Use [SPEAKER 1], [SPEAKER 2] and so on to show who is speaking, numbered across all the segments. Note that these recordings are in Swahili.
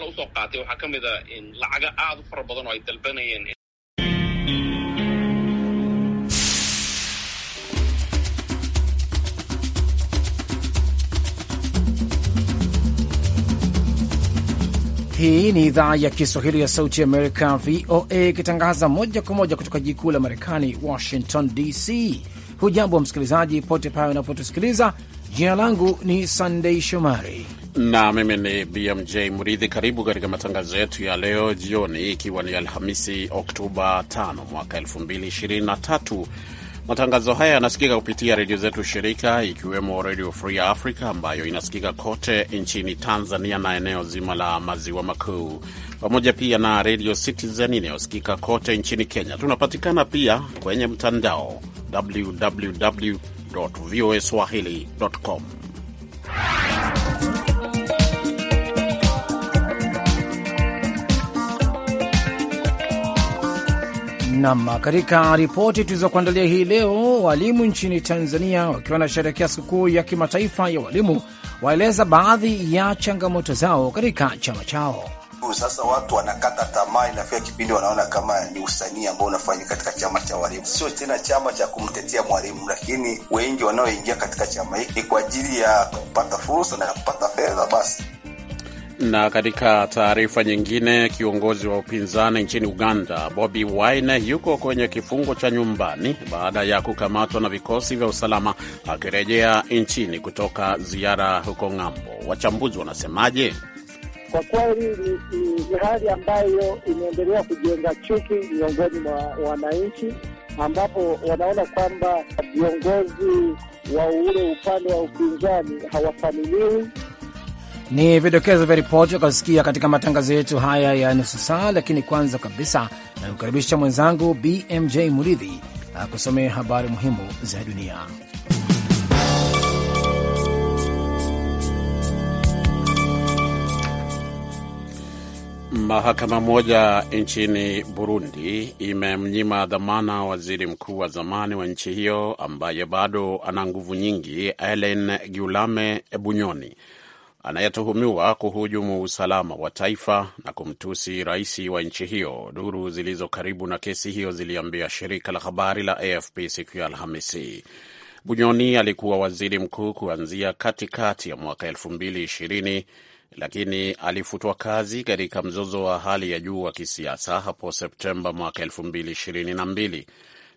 [SPEAKER 1] dhaqaale usoo qaatay waxaa ka mid a in lacaga aad u fara badan oo ay dalbanayeen.
[SPEAKER 2] Hii ni idhaa ya Kiswahili ya Sauti Amerika, VOA, ikitangaza moja kwa moja kutoka jiji kuu la Marekani, Washington DC. Hujambo msikilizaji pote pale unapotusikiliza. Jina langu ni Sandei Shomari
[SPEAKER 1] na mimi ni BMJ Mridhi. Karibu katika matangazo yetu ya leo jioni, ikiwa ni Alhamisi Oktoba 5 mwaka 2023. Matangazo haya yanasikika kupitia redio zetu shirika, ikiwemo Redio Free Africa ambayo inasikika kote nchini Tanzania na eneo zima la maziwa makuu, pamoja pia na Redio Citizen inayosikika kote nchini Kenya. Tunapatikana pia kwenye mtandao www voa com
[SPEAKER 2] Nam, katika ripoti tulizokuandalia hii leo, walimu nchini Tanzania wakiwa wanasherehekea sikukuu ya kimataifa ya walimu waeleza baadhi ya changamoto zao katika chama chao.
[SPEAKER 3] Sasa watu wanakata tamaa, inafika kipindi wanaona kama ni usanii ambao unafanyika katika chama cha walimu, sio tena chama cha kumtetea mwalimu. Lakini wengi wanaoingia katika chama hiki ni kwa ajili ya kupata fursa na kupata fedha basi
[SPEAKER 1] na katika taarifa nyingine, kiongozi wa upinzani nchini Uganda Bobi Wine yuko kwenye kifungo cha nyumbani baada ya kukamatwa na vikosi vya usalama akirejea nchini kutoka ziara huko ng'ambo. Wachambuzi wanasemaje?
[SPEAKER 4] Kwa kweli ni, ni, ni hali ambayo imeendelea kujenga chuki miongoni mwa wananchi, ambapo wanaona kwamba viongozi wa ule upande wa upinzani hawafaniliwi
[SPEAKER 2] ni vidokezo vya ripoti akasikia katika matangazo yetu haya ya nusu saa, lakini kwanza kabisa namkaribisha mwenzangu BMJ Muridhi akusomea habari muhimu za dunia.
[SPEAKER 1] Mahakama moja nchini Burundi imemnyima dhamana waziri mkuu wa zamani wa nchi hiyo ambaye bado ana nguvu nyingi, elen giulame Bunyoni anayetuhumiwa kuhujumu usalama wa taifa na kumtusi rais wa nchi hiyo. Duru zilizo karibu na kesi hiyo ziliambia shirika la habari la AFP siku ya Alhamisi. Bunyoni alikuwa waziri mkuu kuanzia katikati ya mwaka 2020 lakini alifutwa kazi katika mzozo wa hali ya juu wa kisiasa hapo Septemba mwaka 2022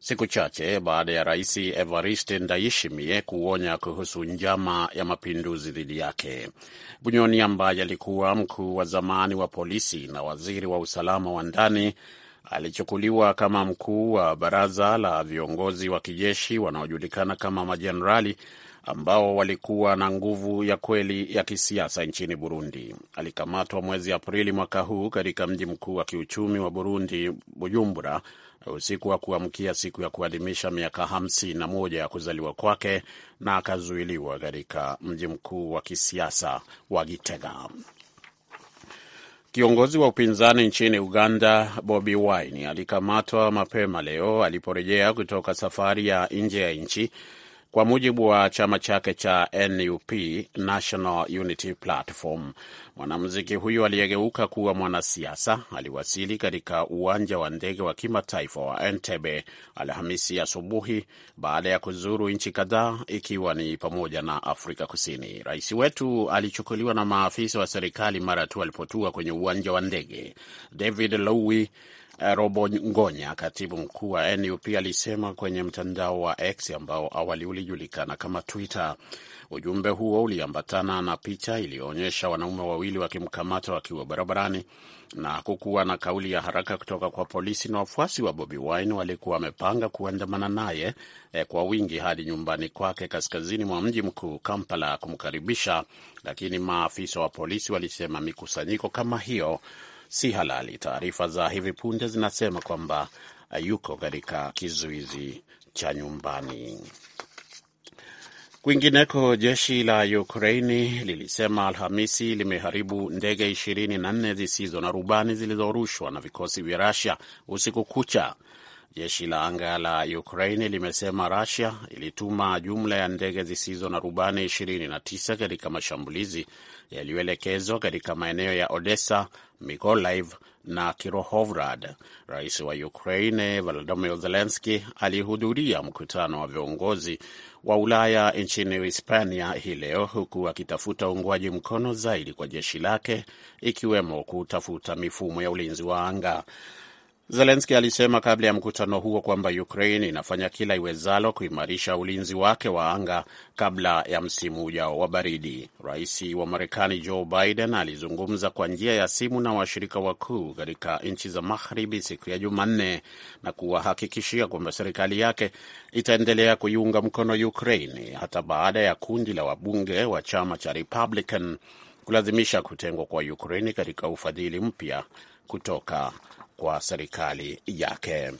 [SPEAKER 1] siku chache baada ya rais Evariste Ndayishimiye kuonya kuhusu njama ya mapinduzi dhidi yake. Bunyoni ambaye alikuwa mkuu wa zamani wa polisi na waziri wa usalama wa ndani alichukuliwa kama mkuu wa baraza la viongozi wa kijeshi wanaojulikana kama majenerali ambao walikuwa na nguvu ya kweli ya kisiasa nchini Burundi. Alikamatwa mwezi Aprili mwaka huu katika mji mkuu wa kiuchumi wa Burundi, Bujumbura, usiku wa kuamkia siku ya kuadhimisha miaka hamsini na moja ya kuzaliwa kwake na akazuiliwa katika mji mkuu wa kisiasa wa Gitega. Kiongozi wa upinzani nchini Uganda, Bobi Wine alikamatwa mapema leo aliporejea kutoka safari ya nje ya nchi kwa mujibu wa chama chake cha NUP, National Unity Platform. Mwanamuziki huyo aliyegeuka kuwa mwanasiasa aliwasili katika uwanja wa ndege wa kimataifa wa Entebbe Alhamisi asubuhi baada ya kuzuru nchi kadhaa ikiwa ni pamoja na Afrika Kusini. Rais wetu alichukuliwa na maafisa wa serikali mara tu alipotua kwenye uwanja wa ndege. David Lowy Eh, Robo Ngonya, katibu mkuu wa NUP, alisema kwenye mtandao wa X ambao awali ulijulikana kama Twitter. Ujumbe huo uliambatana na picha iliyoonyesha wanaume wawili wakimkamata wakiwa barabarani na kukuwa na kauli ya haraka kutoka kwa polisi na wafuasi wa Bobi Wine walikuwa wamepanga kuandamana naye eh, kwa wingi hadi nyumbani kwake kaskazini mwa mji mkuu Kampala kumkaribisha, lakini maafisa wa polisi walisema mikusanyiko kama hiyo si halali. Taarifa za hivi punde zinasema kwamba uh, yuko katika kizuizi cha nyumbani. Kwingineko, jeshi la Ukraini lilisema Alhamisi limeharibu ndege ishirini na nne zisizo na rubani zilizorushwa na vikosi vya Rusia usiku kucha. Jeshi la anga la Ukraini limesema rasia ilituma jumla ya ndege zisizo na rubani 29 katika mashambulizi yaliyoelekezwa katika maeneo ya Odessa, Mikolaiv na Kirohovrad. Rais wa Ukraini Volodymyr Zelenski alihudhuria mkutano wa viongozi wa Ulaya nchini Hispania hii leo, huku akitafuta uungwaji mkono zaidi kwa jeshi lake, ikiwemo kutafuta mifumo ya ulinzi wa anga. Zelenski alisema kabla ya mkutano huo kwamba Ukraine inafanya kila iwezalo kuimarisha ulinzi wake wa anga kabla ya msimu ujao wa baridi. Rais wa Marekani Joe Biden alizungumza kwa njia ya simu na washirika wakuu katika nchi za magharibi siku ya Jumanne na kuwahakikishia kwamba serikali yake itaendelea kuiunga mkono Ukraine hata baada ya kundi la wabunge wa chama cha Republican kulazimisha kutengwa kwa Ukraine katika ufadhili mpya kutoka kwa serikali yake.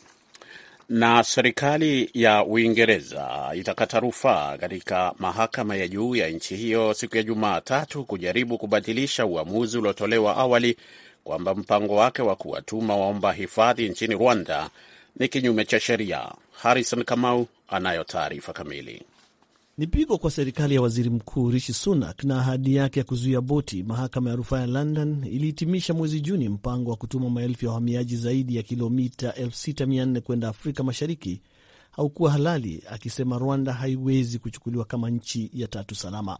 [SPEAKER 1] Na serikali ya Uingereza itakata rufaa katika mahakama ya juu ya nchi hiyo siku ya Jumatatu kujaribu kubatilisha uamuzi uliotolewa awali kwamba mpango wake wa kuwatuma waomba hifadhi nchini Rwanda ni kinyume cha sheria. Harrison Kamau anayo taarifa kamili.
[SPEAKER 5] Ni pigo kwa serikali ya waziri mkuu Rishi Sunak na ahadi yake ya kuzuia boti. Mahakama ya rufaa ya London ilihitimisha mwezi Juni mpango wa kutuma maelfu ya wahamiaji zaidi ya kilomita 6400 kwenda Afrika Mashariki haukuwa halali, akisema Rwanda haiwezi kuchukuliwa kama nchi ya tatu salama.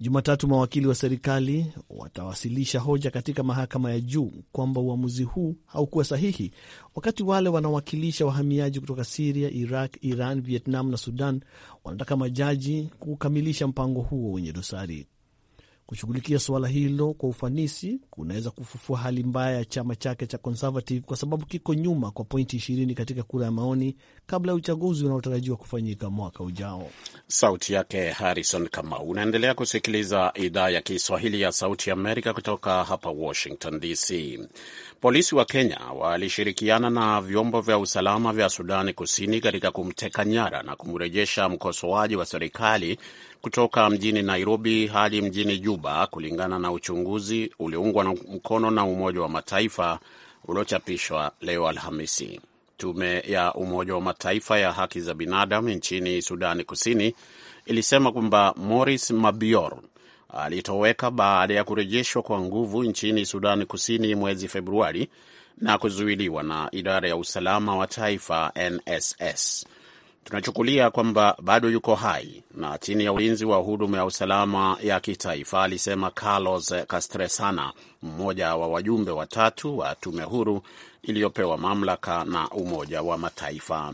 [SPEAKER 5] Jumatatu mawakili wa serikali watawasilisha hoja katika mahakama ya juu kwamba uamuzi huu haukuwa sahihi, wakati wale wanawakilisha wahamiaji kutoka Siria, Iraq, Iran, Vietnam na Sudan wanataka majaji kukamilisha mpango huo wenye dosari. Kushughulikia suala hilo kwa ufanisi kunaweza kufufua hali mbaya ya chama chake cha Conservative kwa sababu kiko nyuma kwa pointi ishirini katika kura ya maoni kabla ya uchaguzi unaotarajiwa kufanyika mwaka ujao.
[SPEAKER 1] Sauti yake Harrison Kamau. Unaendelea kusikiliza idhaa ya Kiswahili ya Sauti Amerika kutoka hapa Washington DC. Polisi wa Kenya walishirikiana na vyombo vya usalama vya Sudani Kusini katika kumteka nyara na kumrejesha mkosoaji wa serikali kutoka mjini Nairobi hadi mjini Juba, kulingana na uchunguzi ulioungwa na mkono na Umoja wa Mataifa uliochapishwa leo Alhamisi. Tume ya Umoja wa Mataifa ya haki za binadamu nchini Sudani Kusini ilisema kwamba Moris Mabior alitoweka baada ya kurejeshwa kwa nguvu nchini Sudani Kusini mwezi Februari na kuzuiliwa na idara ya usalama wa taifa NSS tunachukulia kwamba bado yuko hai na chini ya ulinzi wa huduma ya usalama ya kitaifa, alisema Carlos Castresana, mmoja wa wajumbe watatu wa tume huru iliyopewa mamlaka na Umoja wa Mataifa.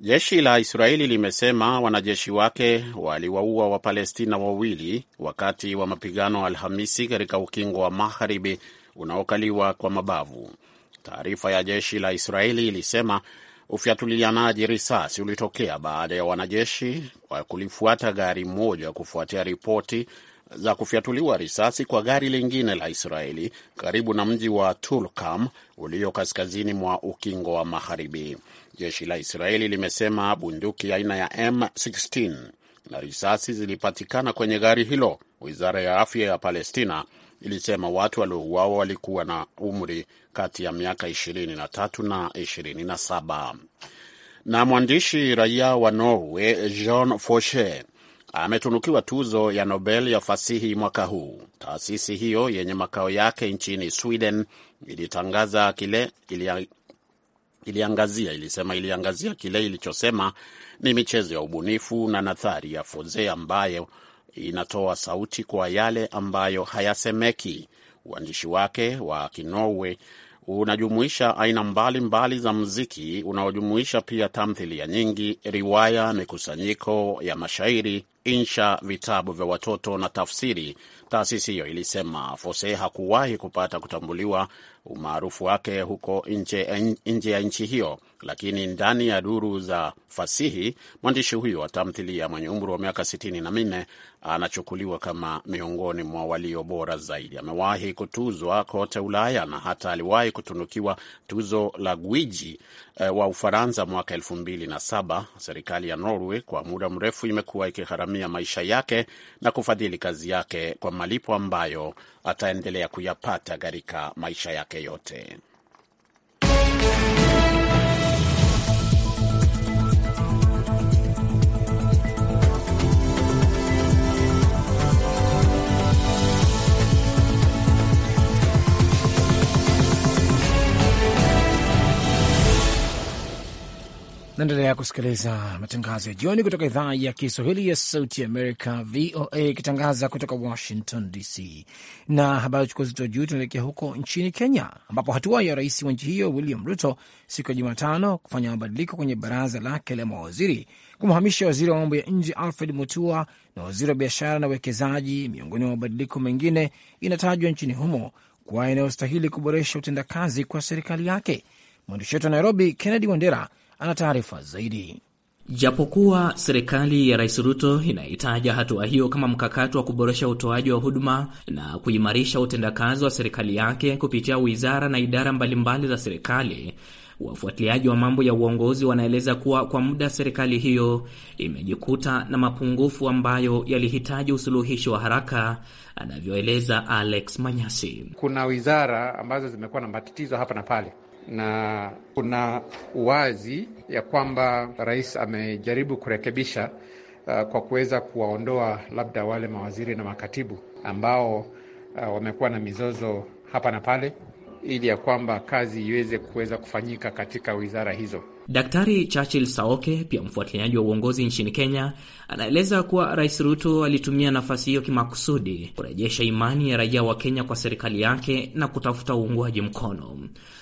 [SPEAKER 1] Jeshi la Israeli limesema wanajeshi wake waliwaua Wapalestina wawili wakati wa mapigano Alhamisi katika ukingo wa magharibi unaokaliwa kwa mabavu. Taarifa ya jeshi la Israeli ilisema Ufyatulianaji risasi ulitokea baada ya wanajeshi wa kulifuata gari moja kufuatia ripoti za kufyatuliwa risasi kwa gari lingine la Israeli karibu na mji wa Tulkam ulio kaskazini mwa ukingo wa Magharibi. Jeshi la Israeli limesema bunduki aina ya M16 na risasi zilipatikana kwenye gari hilo. Wizara ya afya ya Palestina ilisema watu waliouawa walikuwa na umri kati ya miaka 23 na 27. Na mwandishi raia wa Norway Jean Faucher ametunukiwa tuzo ya Nobel ya fasihi mwaka huu. Taasisi hiyo yenye makao yake nchini Sweden ilitangaza kile ili, iliangazia ilisema iliangazia kile ilichosema ni michezo ya ubunifu na nadhari ya Faucher ambayo inatoa sauti kwa yale ambayo hayasemeki. Uandishi wake wa Kinorwe unajumuisha aina mbalimbali mbali za muziki unaojumuisha pia tamthilia nyingi, riwaya, mikusanyiko ya mashairi, insha, vitabu vya watoto na tafsiri. Taasisi hiyo ilisema Fose hakuwahi kupata kutambuliwa umaarufu wake huko nje ya nchi hiyo lakini ndani ya duru za fasihi, mwandishi huyo wa tamthilia mwenye umri wa miaka sitini na minne anachukuliwa kama miongoni mwa walio bora zaidi. Amewahi kutuzwa kote Ulaya na hata aliwahi kutunukiwa tuzo la gwiji e, wa Ufaransa mwaka elfu mbili na saba. Serikali ya Norway kwa muda mrefu imekuwa ikigharamia maisha yake na kufadhili kazi yake kwa malipo ambayo ataendelea kuyapata katika maisha yake yote.
[SPEAKER 2] Naendelea kusikiliza matangazo ya jioni kutoka idhaa ya Kiswahili ya Sauti Amerika, VOA, ikitangaza kutoka Washington DC. Na habari chukua zito juu, tunaelekea huko nchini Kenya, ambapo hatua ya rais wa nchi hiyo William Ruto siku ya Jumatano kufanya mabadiliko kwenye baraza lake la mawaziri kumhamisha waziri wa mambo ya nje Alfred Mutua na waziri wa biashara na uwekezaji, miongoni mwa mabadiliko mengine, inatajwa nchini humo kuwa inayostahili kuboresha utendakazi kwa serikali yake. Mwandishi wetu wa Nairobi, Kennedy Wandera ana taarifa zaidi.
[SPEAKER 6] Japokuwa serikali ya Rais Ruto inaitaja hatua hiyo kama mkakati wa kuboresha utoaji wa huduma na kuimarisha utendakazi wa serikali yake kupitia wizara na idara mbalimbali za serikali, wafuatiliaji wa mambo ya uongozi wanaeleza kuwa kwa muda serikali hiyo imejikuta na mapungufu ambayo yalihitaji usuluhishi wa haraka, anavyoeleza Alex Manyasi.
[SPEAKER 1] Kuna wizara ambazo zimekuwa na matatizo hapa na pale na kuna uwazi ya kwamba rais amejaribu kurekebisha uh, kwa kuweza kuwaondoa labda wale mawaziri na makatibu ambao uh, wamekuwa na mizozo hapa na pale, ili ya kwamba kazi iweze kuweza kufanyika katika wizara hizo.
[SPEAKER 6] Daktari Churchill Saoke, pia mfuatiliaji wa uongozi nchini Kenya, anaeleza kuwa Rais Ruto alitumia nafasi hiyo kimakusudi kurejesha imani ya raia wa Kenya kwa serikali yake na
[SPEAKER 7] kutafuta uungwaji mkono.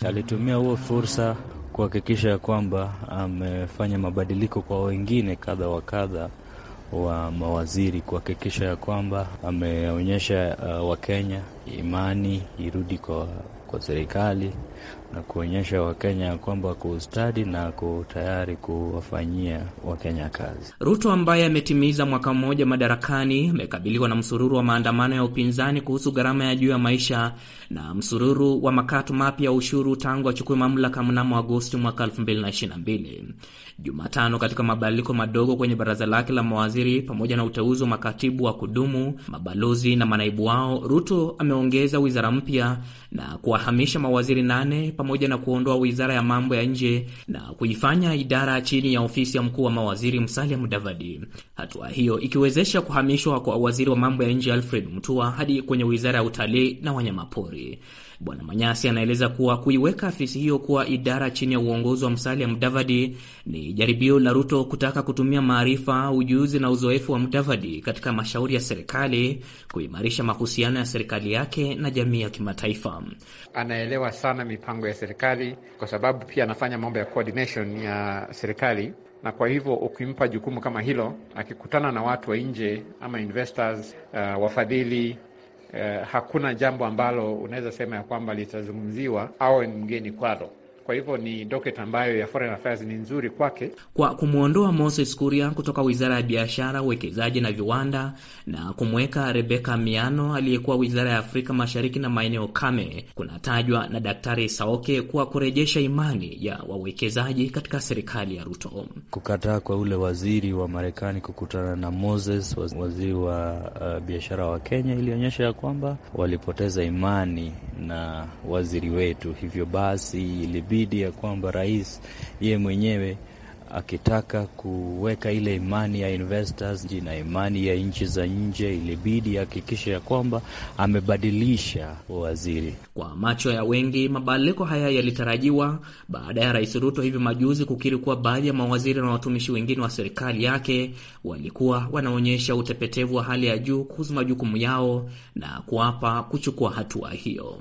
[SPEAKER 7] Alitumia huo fursa kuhakikisha ya kwamba amefanya mabadiliko kwa wengine kadha wa kadha wa mawaziri kuhakikisha ya kwamba ameonyesha uh, Wakenya imani irudi kwa, kwa serikali na kuonyesha Wakenya kwamba kwa ustadi na ko tayari kuwafanyia Wakenya kazi.
[SPEAKER 6] Ruto ambaye ametimiza mwaka mmoja madarakani amekabiliwa na msururu wa maandamano ya upinzani kuhusu gharama ya juu ya maisha na msururu wa makato mapya ya ushuru tangu achukue mamlaka mnamo Agosti mwaka 2022. Jumatano katika mabadiliko madogo kwenye baraza lake la mawaziri pamoja na uteuzi wa makatibu wa kudumu, mabalozi na manaibu wao, Ruto ameongeza wizara mpya na kuwahamisha mawaziri nane pamoja na kuondoa wizara ya mambo ya nje na kuifanya idara chini ya ofisi ya mkuu wa mawaziri Musalia Mudavadi, hatua hiyo ikiwezesha kuhamishwa kwa waziri wa mambo ya nje Alfred Mutua hadi kwenye wizara ya utalii na wanyamapori. Bwana Manyasi anaeleza kuwa kuiweka afisi hiyo kuwa idara chini ya uongozi wa Musalia Mudavadi ni jaribio la Ruto kutaka kutumia maarifa, ujuzi na uzoefu wa Mudavadi katika mashauri ya serikali, kuimarisha mahusiano ya serikali yake na jamii ya kimataifa.
[SPEAKER 1] Anaelewa sana mipango ya serikali, kwa sababu pia anafanya mambo ya coordination ya serikali na kwa hivyo ukimpa jukumu kama hilo, akikutana na watu wa nje ama investors, uh, wafadhili eh, hakuna jambo ambalo unaweza sema ya kwamba litazungumziwa awe mgeni kwalo. Kwa hivyo ni doketi ambayo ya Foreign Affairs ni nzuri kwake
[SPEAKER 6] kwa kumwondoa Moses Kuria kutoka wizara ya biashara, uwekezaji na viwanda na kumweka Rebeka Miano aliyekuwa wizara ya Afrika Mashariki na maeneo kame, kunatajwa na Daktari Saoke kuwa kurejesha imani ya wawekezaji katika serikali ya Ruto.
[SPEAKER 7] Kukataa kwa ule waziri wa Marekani kukutana na Moses, waziri wa uh, biashara wa Kenya, ilionyesha ya kwamba walipoteza imani na waziri wetu, hivyo basi ilibidi inabidi ya kwamba rais yeye mwenyewe akitaka kuweka ile imani ya investors na imani ya nchi za nje, ilibidi hakikisha ya kwamba amebadilisha waziri. Kwa macho
[SPEAKER 6] ya wengi, mabadiliko haya yalitarajiwa baada ya Rais Ruto hivi majuzi kukiri kuwa baadhi ya mawaziri na watumishi wengine wa serikali yake walikuwa wanaonyesha utepetevu wa hali ya juu kuhusu majukumu yao na kuapa kuchukua hatua hiyo.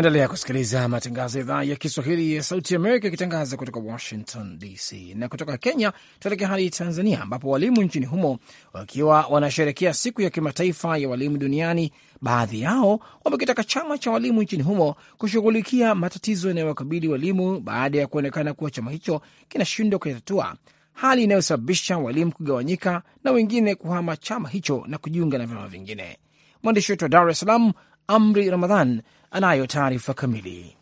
[SPEAKER 2] Meendelea kusikiliza matangazo ya idhaa ya Kiswahili ya Sauti Amerika ikitangaza kutoka Washington DC. Na kutoka Kenya tuelekea hadi Tanzania, ambapo walimu nchini humo wakiwa wanasherekea siku ya kimataifa ya walimu duniani, baadhi yao wamekitaka chama cha walimu nchini humo kushughulikia matatizo yanayowakabili walimu baada ya kuonekana kuwa chama hicho kinashindwa kuyatatua, hali inayosababisha walimu kugawanyika na wengine kuhama chama hicho na kujiunga na vyama vingine. Mwandishi wetu wa Dar es Salaam, Amri Ramadhan anayo taarifa kamili.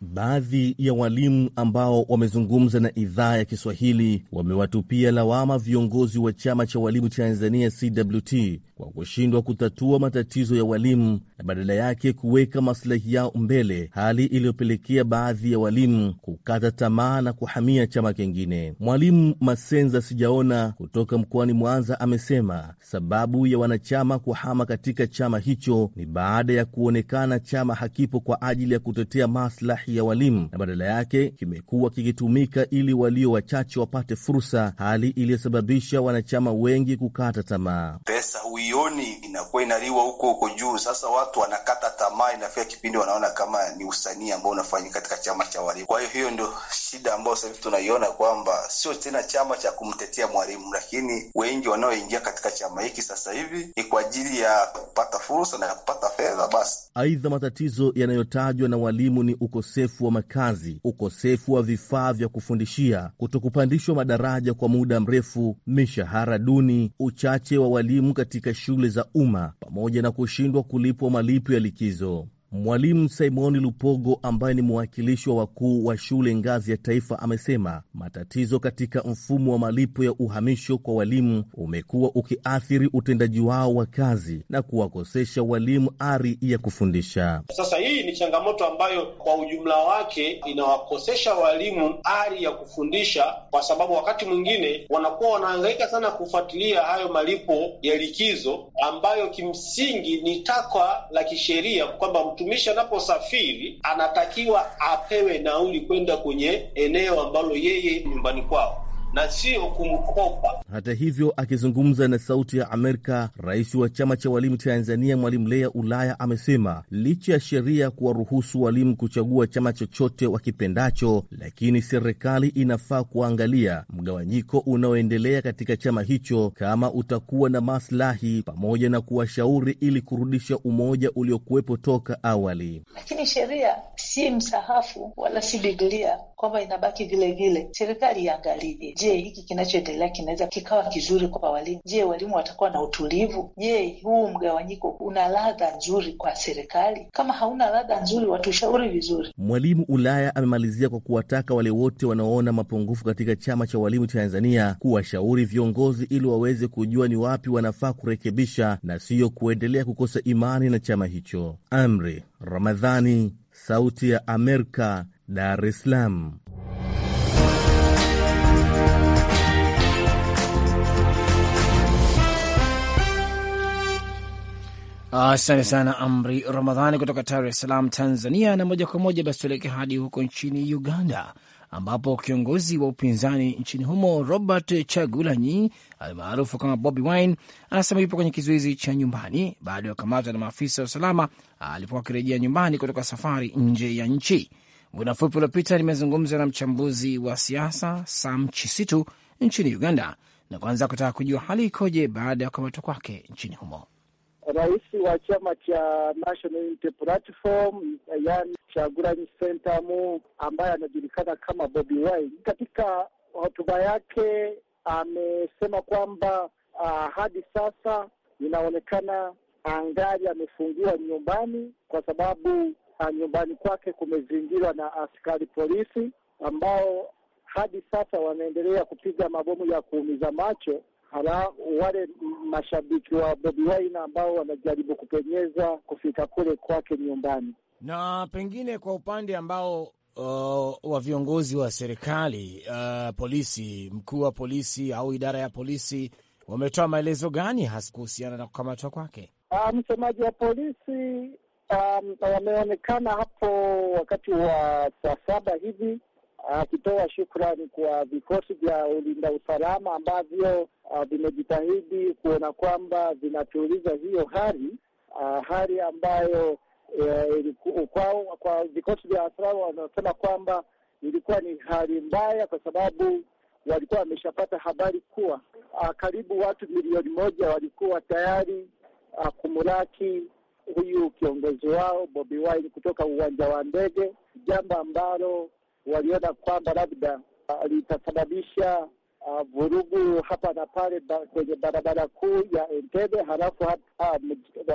[SPEAKER 3] Baadhi ya walimu ambao wamezungumza na idhaa ya Kiswahili wamewatupia lawama viongozi wa chama cha walimu Tanzania CWT kwa kushindwa kutatua matatizo ya walimu na badala yake kuweka maslahi yao mbele, hali iliyopelekea baadhi ya walimu kukata tamaa na kuhamia chama kingine. Mwalimu Masenza Sijaona kutoka mkoani Mwanza amesema sababu ya wanachama kuhama katika chama hicho ni baada ya kuonekana chama hakipo kwa ajili ya kutetea maslahi ya walimu na badala yake kimekuwa kikitumika ili walio wachache wapate fursa, hali iliyosababisha wanachama wengi kukata tamaa. Pesa huioni, inakuwa inaliwa huko huko juu. Sasa watu wanakata tamaa, inafika kipindi wanaona kama ni usanii ambao unafanyika katika chama cha walimu. Kwa hiyo hiyo ndio shida ambayo sasa hivi tunaiona kwamba sio tena chama cha kumtetea mwalimu, lakini wengi wanaoingia katika chama hiki sasa hivi ni kwa ajili ya kupata fursa na ya kupata fedha basi. Aidha, matatizo yanayotajwa na walimu ni ukosefu ukosefu wa makazi, ukosefu wa vifaa vya kufundishia, kutokupandishwa madaraja kwa muda mrefu, mishahara duni, uchache wa walimu katika shule za umma, pamoja na kushindwa kulipwa malipo ya likizo. Mwalimu Simoni Lupogo ambaye ni mwakilishi wa wakuu wa shule ngazi ya taifa amesema matatizo katika mfumo wa malipo ya uhamisho kwa walimu umekuwa ukiathiri utendaji wao wa kazi na kuwakosesha walimu ari ya kufundisha. Sasa hii ni changamoto ambayo kwa ujumla wake inawakosesha walimu ari ya kufundisha, kwa sababu wakati mwingine wanakuwa wanahangaika sana kufuatilia hayo malipo ya likizo ambayo kimsingi ni takwa la kisheria kwamba mtumishi anaposafiri anatakiwa apewe nauli kwenda kwenye eneo ambalo yeye nyumbani kwao na sio
[SPEAKER 4] kumkopa.
[SPEAKER 3] Hata hivyo, akizungumza na Sauti ya Amerika, rais wa chama cha walimu Tanzania, Mwalimu Lea Ulaya, amesema licha ya sheria kuwaruhusu walimu kuchagua chama chochote wakipendacho, lakini serikali inafaa kuangalia mgawanyiko unaoendelea katika chama hicho kama utakuwa na maslahi, pamoja na kuwashauri ili kurudisha umoja uliokuwepo toka awali.
[SPEAKER 6] Lakini sheria si msahafu wala si Biblia kwamba inabaki vilevile, serikali iangalie Je, hiki kinachoendelea kinaweza kikawa kizuri kwa walimu? Je, walimu watakuwa na utulivu? Je, huu mgawanyiko una ladha nzuri kwa serikali? Kama hauna ladha nzuri, watushauri vizuri.
[SPEAKER 3] Mwalimu Ulaya amemalizia kwa kuwataka wale wote wanaoona mapungufu katika chama cha walimu Tanzania kuwashauri viongozi ili waweze kujua ni wapi wanafaa kurekebisha na siyo kuendelea kukosa imani na chama hicho. Amri Ramadhani, Sauti ya Amerika, Dar es Salaam.
[SPEAKER 2] Asante sana Amri Ramadhani kutoka Dar es Salaam, Tanzania. Na moja kwa moja basi tuelekee hadi huko nchini Uganda, ambapo kiongozi wa upinzani nchini humo Robert Chagulanyi almaarufu kama Bobi Wine anasema yupo kwenye kizuizi cha nyumbani baada ya kukamatwa na maafisa wa usalama alipokuwa akirejea nyumbani kutoka safari nje ya nchi. Muda mfupi uliopita nimezungumza na mchambuzi wa siasa Sam Chisitu nchini Uganda, na kwanza kutaka kujua hali ikoje baada ya kukamatwa kwake nchini humo
[SPEAKER 4] rais wa chama cha National Unity Platform, yani Kyagulanyi Ssentamu, ambaye anajulikana kama Bobi Wine, katika hotuba yake amesema kwamba uh, hadi sasa inaonekana angali amefungiwa nyumbani kwa sababu uh, nyumbani kwake kumezingirwa na askari polisi ambao hadi sasa wanaendelea kupiga mabomu ya kuumiza macho Hala, wale mashabiki wa Bobi Wine ambao wanajaribu kupenyeza kufika kule kwake nyumbani, na
[SPEAKER 2] pengine kwa upande ambao uh, wa viongozi wa serikali uh, polisi, mkuu wa polisi au idara ya polisi wametoa maelezo gani hasa kuhusiana na kukamatwa kwake?
[SPEAKER 4] Uh, msemaji wa polisi um, wameonekana hapo wakati wa saa saba hivi akitoa ah, shukrani kwa vikosi vya ulinda usalama ambavyo ah, vimejitahidi kuona kwamba vinatuliza hiyo hali ah, hali ambayo e, kwa, kwa vikosi vya usalama wanasema kwamba ilikuwa ni hali mbaya kwa sababu walikuwa wameshapata habari kuwa a, karibu watu milioni moja walikuwa tayari a, kumulaki huyu kiongozi wao Bobi Wine kutoka uwanja wa ndege, jambo ambalo waliona kwamba labda uh, litasababisha Uh, vurugu hapa na pale ba, kwenye barabara kuu ya Entebbe halafu hata uh,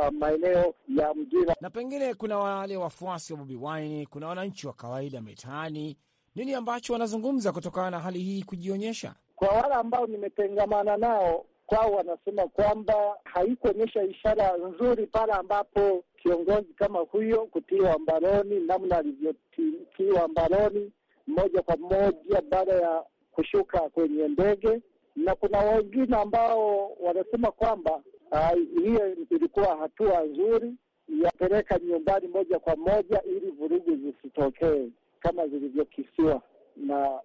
[SPEAKER 4] uh, maeneo ya
[SPEAKER 2] mjira. Na pengine kuna wale wafuasi wa Bobi Wine, kuna wananchi wa kawaida mitaani, nini ambacho wanazungumza kutokana na hali hii kujionyesha?
[SPEAKER 4] Kwa wale ambao nimetengamana nao, kwao wanasema kwamba haikuonyesha ishara nzuri pale ambapo kiongozi kama huyo kutiwa mbaroni, namna alivyotiwa mbaroni moja kwa moja baada ya kushuka kwenye ndege, na kuna wengine ambao wanasema kwamba hiyo ilikuwa hatua nzuri yapeleka nyumbani moja kwa moja ili vurugu zisitokee kama zilivyokisiwa na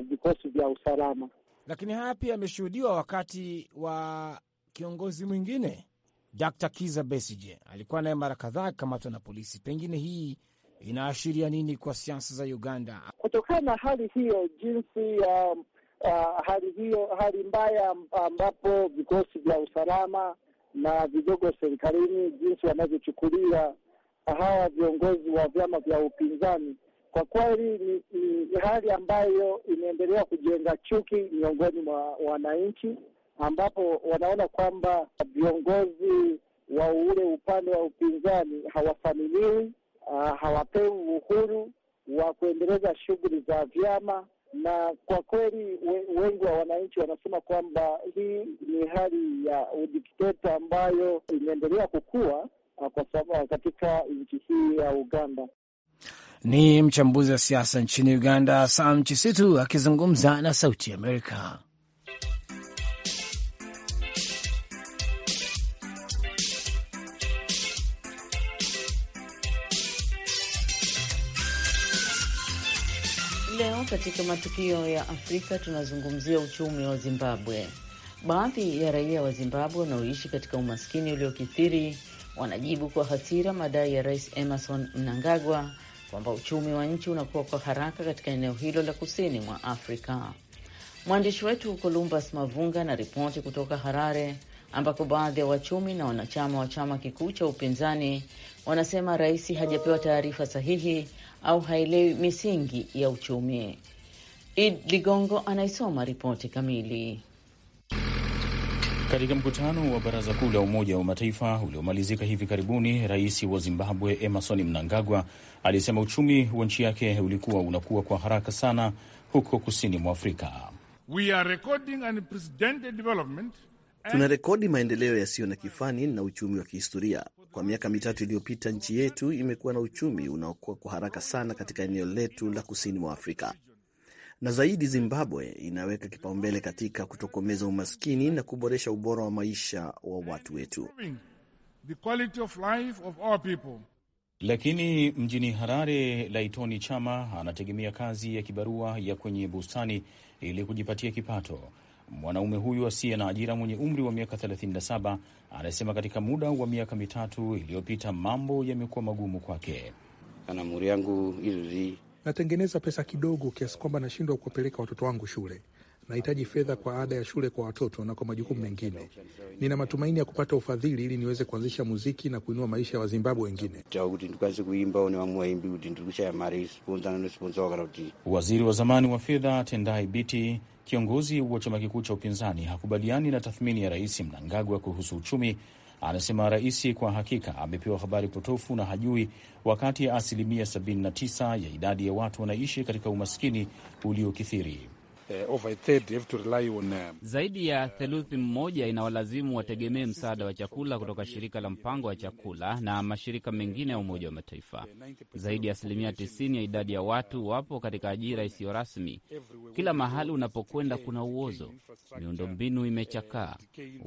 [SPEAKER 4] vikosi vya usalama. Lakini haya
[SPEAKER 2] pia yameshuhudiwa wakati wa kiongozi mwingine Dr. Kiza Besige alikuwa naye mara kadhaa akikamatwa na polisi. Pengine hii inaashiria nini kwa siasa za Uganda
[SPEAKER 4] kutokana na hali hiyo, jinsi ya um, uh, hali hiyo, hali mbaya ambapo vikosi vya usalama na vidogo serikalini, jinsi wanavyochukulia uh, hawa viongozi wa vyama vya upinzani, kwa kweli ni, ni hali ambayo imeendelea kujenga chuki miongoni mwa wananchi ambapo wanaona kwamba viongozi wa ule upande wa upinzani hawafamiliwi, ah, hawapewi uhuru wa kuendeleza shughuli za vyama, na kwa kweli wengi wa wananchi wanasema kwamba hii ni hali ya udikteta ambayo imeendelea kukua ah, kwa sababu katika nchi hii ya Uganda.
[SPEAKER 2] Ni mchambuzi wa siasa nchini Uganda, Sam Chisitu akizungumza na Sauti Amerika.
[SPEAKER 6] katika matukio ya Afrika tunazungumzia uchumi wa Zimbabwe. Baadhi ya raia wa Zimbabwe wanaoishi katika umaskini uliokithiri wanajibu kwa hasira madai ya Rais Emerson Mnangagwa kwamba uchumi wa nchi unakuwa kwa haraka katika eneo hilo la kusini mwa Afrika. Mwandishi wetu Columbus Mavunga na ripoti kutoka Harare ambako baadhi ya wachumi na wanachama wa chama kikuu cha upinzani wanasema rais hajapewa taarifa sahihi au haielewi misingi ya uchumi. Id Ligongo anaisoma ripoti kamili.
[SPEAKER 7] Katika mkutano wa baraza kuu la Umoja wa Mataifa uliomalizika hivi karibuni, rais wa Zimbabwe Emerson Mnangagwa alisema uchumi wa nchi yake
[SPEAKER 5] ulikuwa unakuwa kwa haraka sana huko kusini mwa Afrika.
[SPEAKER 3] We are recording unprecedented development.
[SPEAKER 5] Tuna rekodi maendeleo yasiyo na kifani na uchumi wa kihistoria. Kwa miaka mitatu iliyopita, nchi yetu imekuwa na uchumi unaokua kwa haraka sana katika eneo letu la kusini mwa Afrika na zaidi, Zimbabwe inaweka kipaumbele katika kutokomeza umaskini na kuboresha ubora wa maisha wa watu wetu.
[SPEAKER 7] Lakini mjini Harare, Laitoni Chama anategemea kazi ya kibarua ya kwenye bustani ili kujipatia kipato. Mwanaume huyu asiye na ajira mwenye umri wa miaka 37 anasema katika muda wa miaka mitatu iliyopita mambo yamekuwa magumu kwake.
[SPEAKER 6] Natengeneza pesa kidogo kiasi kwamba nashindwa kuwapeleka watoto wangu shule. Nahitaji fedha kwa ada ya shule kwa watoto na kwa majukumu mengine. Nina matumaini ya kupata ufadhili ili niweze kuanzisha muziki na kuinua maisha ya
[SPEAKER 3] Wazimbabwe wengine.
[SPEAKER 7] Waziri wa zamani wa fedha Tendai Biti, kiongozi wa chama kikuu cha upinzani, hakubaliani na tathmini ya Rais Mnangagwa kuhusu uchumi. Anasema rais kwa hakika amepewa habari potofu na hajui, wakati ya asilimia 79 ya idadi ya watu wanaishi katika umaskini uliokithiri. Uh, eh, over a third have to rely on, eh, zaidi ya theluthi mmoja inawalazimu wategemee msaada wa chakula kutoka shirika la mpango wa chakula na mashirika mengine ya Umoja wa Mataifa. Zaidi ya asilimia 90 ya idadi ya watu wapo katika ajira isiyo rasmi. Kila mahali unapokwenda kuna uozo, miundombinu imechakaa,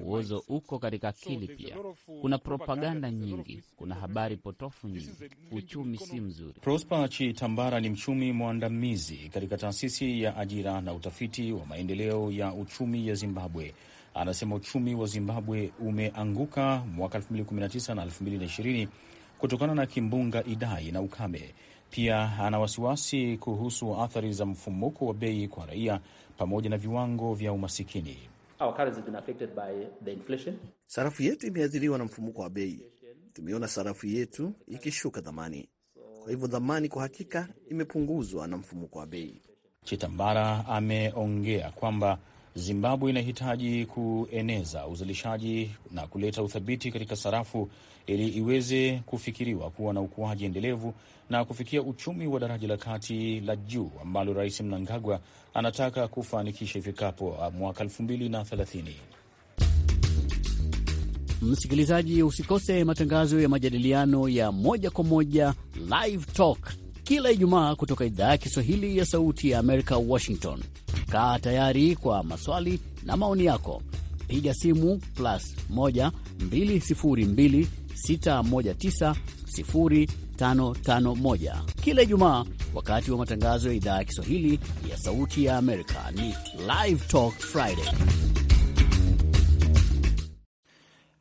[SPEAKER 7] uozo uko katika akili pia.
[SPEAKER 4] Kuna propaganda
[SPEAKER 7] nyingi, kuna habari potofu nyingi, uchumi si mzuri. Prosper Chitambara ni mchumi mwandamizi katika taasisi ya ajira na utafiti wa maendeleo ya uchumi ya Zimbabwe anasema uchumi wa Zimbabwe umeanguka mwaka 2019 na 2020 kutokana na kimbunga Idai na ukame. Pia ana wasiwasi kuhusu athari za mfumuko wa bei kwa raia pamoja na viwango vya umasikini.
[SPEAKER 5] Sarafu yetu imeathiriwa na mfumuko wa bei, tumeona sarafu yetu ikishuka dhamani. Kwa hivyo dhamani kwa hakika imepunguzwa na mfumuko wa bei. Chitambara
[SPEAKER 7] ameongea kwamba Zimbabwe inahitaji kueneza uzalishaji na kuleta uthabiti katika sarafu ili iweze kufikiriwa kuwa na ukuaji endelevu na kufikia uchumi wa daraja la kati la juu ambalo Rais Mnangagwa anataka kufanikisha ifikapo uh, mwaka 230
[SPEAKER 1] Msikilizaji, usikose matangazo ya majadiliano ya moja kwa moja Live Talk kila Ijumaa kutoka idhaa ya Kiswahili ya Sauti ya Amerika, Washington. Kaa tayari kwa maswali na maoni yako, piga simu plus 1 kila Ijumaa wakati wa matangazo ya idhaa ya Kiswahili ya Sauti ya Amerika. Ni Live Talk Friday.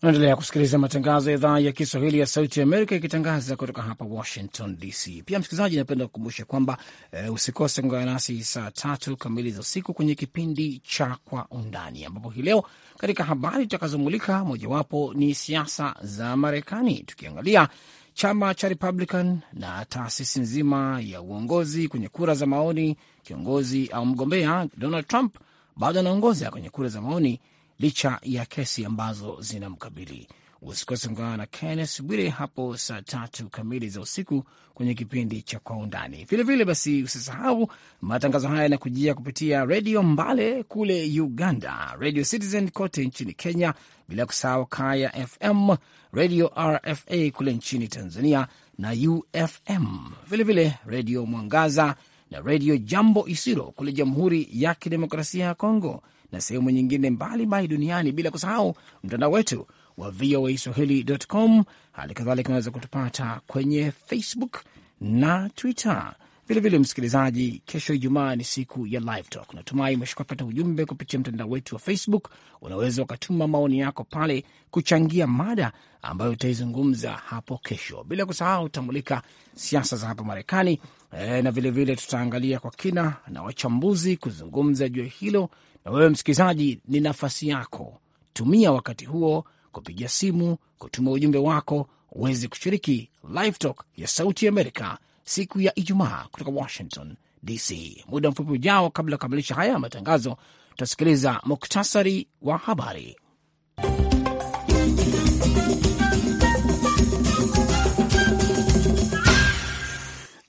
[SPEAKER 2] Unaendelea kusikiliza matangazo ya idhaa ya Kiswahili ya Sauti ya Amerika ikitangaza kutoka hapa Washington DC. Pia msikilizaji, napenda kukumbusha kwamba e, usikose kuungana nasi saa tatu kamili za usiku kwenye kipindi cha Kwa Undani, ambapo hii leo katika habari tutakazomulika mojawapo ni siasa za Marekani, tukiangalia chama cha Republican na taasisi nzima ya uongozi kwenye kura za maoni. Kiongozi au mgombea Donald Trump bado anaongoza kwenye kura za maoni licha ya kesi ambazo zinamkabili. Usikose kuungana na Kennes Bwire hapo saa tatu kamili za usiku kwenye kipindi cha Kwa Undani. Vilevile basi, usisahau matangazo haya yanakujia kupitia Redio Mbale kule Uganda, Radio Citizen kote nchini Kenya, bila kusahau Kaya FM, Redio RFA kule nchini Tanzania na UFM, vilevile Redio Mwangaza na Redio Jambo Isiro kule Jamhuri ya Kidemokrasia ya Kongo na sehemu nyingine mbalimbali duniani, bila kusahau mtandao wetu wa VOA Swahili.com. Hali kadhalika unaweza kutupata kwenye Facebook na Twitter vilevile vile, msikilizaji, kesho Ijumaa ni siku ya Live Talk. Natumai umeshapata ujumbe kupitia mtandao wetu wa Facebook. Unaweza ukatuma maoni yako pale kuchangia mada ambayo utaizungumza hapo kesho, bila kusahau utamulika siasa za hapa Marekani e, na vilevile tutaangalia kwa kina na wachambuzi kuzungumza juu ya hilo na wewe msikilizaji, ni nafasi yako, tumia wakati huo kupiga simu, kutuma ujumbe wako uweze kushiriki Live Talk ya Sauti Amerika siku ya Ijumaa kutoka Washington DC. Muda mfupi ujao, kabla ya kukamilisha haya matangazo, tutasikiliza muktasari wa habari.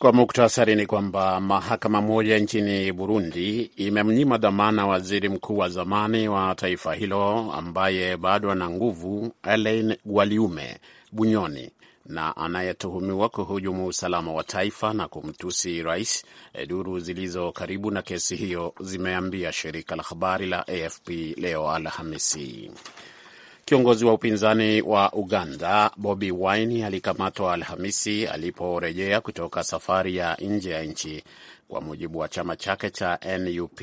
[SPEAKER 1] Kwa muktasari ni kwamba mahakama moja nchini Burundi imemnyima dhamana waziri mkuu wa zamani wa taifa hilo ambaye bado ana nguvu, Alain Gwaliume Bunyoni, na anayetuhumiwa kuhujumu usalama wa taifa na kumtusi rais. E, duru zilizo karibu na kesi hiyo zimeambia shirika la habari la AFP leo Alhamisi. Kiongozi wa upinzani wa Uganda Bobi Wine alikamatwa Alhamisi aliporejea kutoka safari ya nje ya nchi, kwa mujibu wa chama chake cha NUP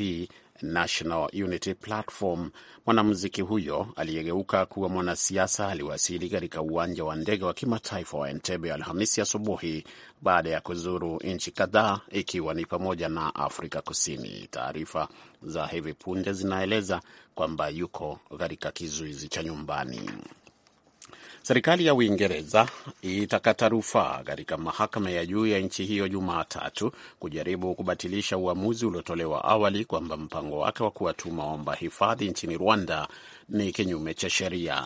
[SPEAKER 1] National Unity Platform. Mwanamuziki huyo aliyegeuka kuwa mwanasiasa aliwasili katika uwanja wa ndege wa kimataifa wa Entebbe Alhamisi asubuhi baada ya kuzuru nchi kadhaa ikiwa ni pamoja na Afrika Kusini. Taarifa za hivi punde zinaeleza kwamba yuko katika kizuizi cha nyumbani. Serikali ya Uingereza itakata rufaa katika mahakama ya juu ya nchi hiyo Jumatatu kujaribu kubatilisha uamuzi uliotolewa awali kwamba mpango wake wa kuwatuma waomba hifadhi nchini Rwanda ni kinyume cha sheria.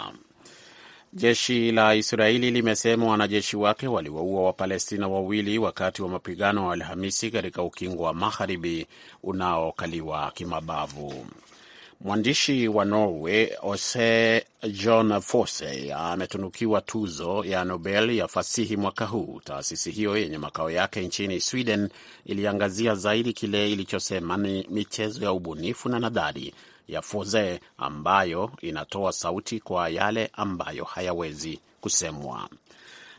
[SPEAKER 1] Jeshi la Israeli limesema wanajeshi wake waliwaua Wapalestina wawili wakati wa mapigano ya Alhamisi katika ukingo wa magharibi unaokaliwa kimabavu. Mwandishi wa Norway Ose John Fosse ametunukiwa tuzo ya Nobel ya fasihi mwaka huu. Taasisi hiyo yenye makao yake nchini Sweden iliangazia zaidi kile ilichosema ni michezo ya ubunifu na nadhari ya Fosse ambayo inatoa sauti kwa yale ambayo hayawezi kusemwa.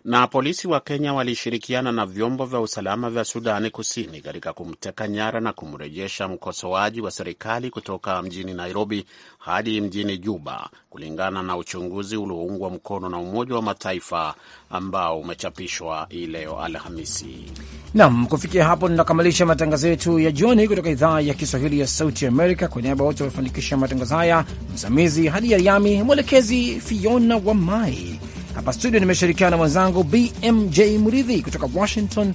[SPEAKER 1] Na polisi wa Kenya walishirikiana na vyombo vya usalama vya Sudani Kusini katika kumteka nyara na kumrejesha mkosoaji wa serikali kutoka mjini Nairobi hadi mjini Juba, kulingana na uchunguzi ulioungwa mkono na Umoja wa Mataifa ambao umechapishwa leo Alhamisi.
[SPEAKER 2] Nam, kufikia hapo tunakamilisha matangazo yetu ya jioni kutoka idhaa ya Kiswahili ya Sauti Amerika. Kwa niaba wote waliofanikisha matangazo haya, msimamizi hadi yaryami mwelekezi Fiona Wamai. Hapa studio nimeshirikiana na mwenzangu BMJ Mridhi kutoka Washington,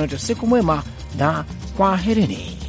[SPEAKER 2] na siku mwema na kwaherini.